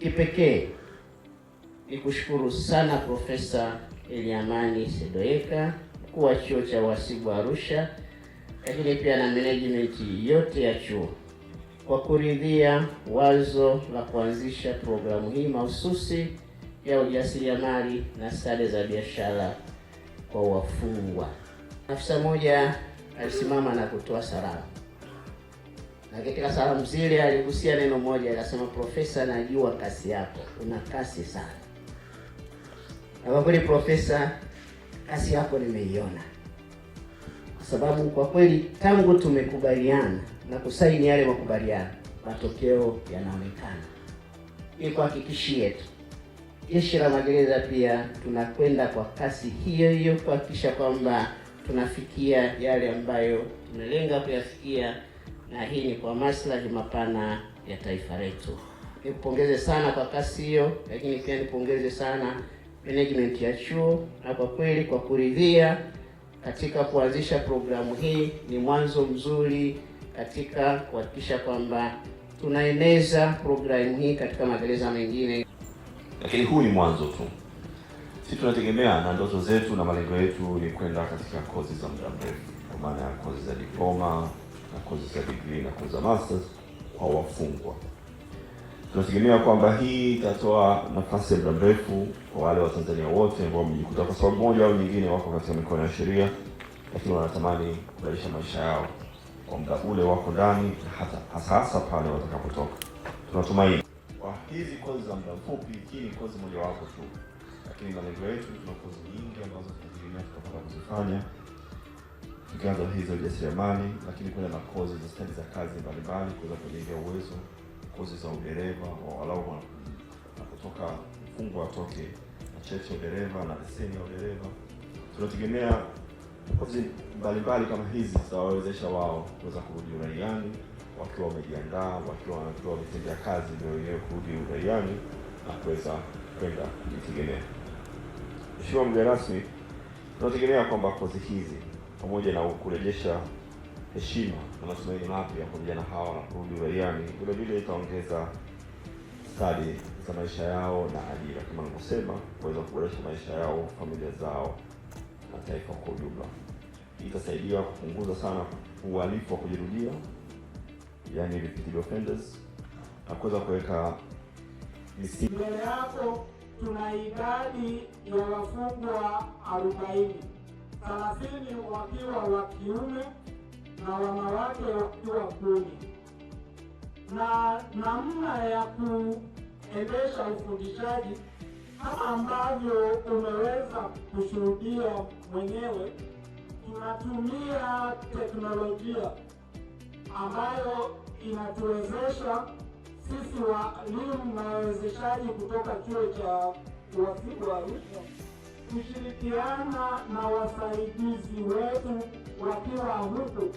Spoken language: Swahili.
kipekee ni kushukuru sana Profesa Eliamani sedoeka mkuu wa chuo cha uhasibu Arusha, lakini pia na management yote ya chuo kwa kuridhia wazo la kuanzisha programu hii mahususi ya ujasiriamali na stadi za biashara kwa wafungwa. Afisa mmoja alisimama na kutoa salamu na katika salamu zile aligusia neno moja, akasema, profesa, najua kasi yako, una kasi sana. Na kwa kweli profesa, kasi yako nimeiona, kwa sababu kwa kweli tangu tumekubaliana na kusaini yale makubaliano, matokeo yanaonekana. Ili kuhakikishie tu jeshi la magereza pia tunakwenda kwa kasi hiyo hiyo kuhakikisha kwamba tunafikia yale ambayo tumelenga kuyafikia na hii ni kwa maslahi mapana ya taifa letu. Nikupongeze sana kwa kasi hiyo, lakini pia nipongeze sana management ya chuo, na kwa kweli kwa kuridhia katika kuanzisha programu hii. Ni mwanzo mzuri katika kuhakikisha kwamba tunaeneza programu hii katika magereza mengine, lakini huu ni mwanzo tu. Si tunategemea na ndoto zetu na malengo yetu ni kwenda katika kozi za muda mrefu, kwa maana ya kozi za diploma na kozi za degree na kozi za masters kwa wafungwa. Tunategemea kwamba hii itatoa nafasi ya muda mrefu kwa wale Watanzania wote ambao wamejikuta kwa sababu moja au nyingine wako katika mikono ya sheria, lakini wanatamani kubadilisha maisha yao kwa muda ule wako ndani, hata hasa hasa pale watakapotoka. Tunatumaini kwa hizi kozi za muda mfupi, hii ni kozi mojawapo tu, lakini malengo yetu, tuna kozi nyingi ambazo tunategemea tutapata kuzifanya Viganzo hizo ujasiriamali, lakini kuna na kozi za stadi za kazi mbalimbali kuweza kujengea uwezo, kozi za udereva wa walau na kutoka mfungwa atoke na cheti cha udereva na leseni ya udereva. Tunategemea kozi mbalimbali kama hizi zitawawezesha wao kuweza kurudi uraiani wakiwa wamejiandaa, wakiwa wakiwa wametendea kazi ndio wenyewe kurudi uraiani na kuweza kwenda kujitegemea. Mheshimiwa mgeni rasmi, tunategemea kwamba kozi hizi pamoja na kurejesha heshima na matumaini mapya kwa vijana hawa na kurudi uraiani, vile vile itaongeza stadi za maisha yao na ajira, kama nilivyosema, kuweza kuboresha maisha yao, familia zao na taifa kwa ujumla. Itasaidia kupunguza sana uhalifu wa kujirudia, yani repeated offenders, na kuweza kuweka mbele yako tuna idadi ya wafungwa arobaini thelathini wakiwa wa kiume na wanawake wakiwa kumi. Na namna ya kuendesha ufundishaji kama ambavyo umeweza kushuhudia mwenyewe, tunatumia teknolojia ambayo inatuwezesha sisi walimu na wawezeshaji kutoka chuo cha wa Arusha kushirikiana na wasaidizi wetu wakiwa huku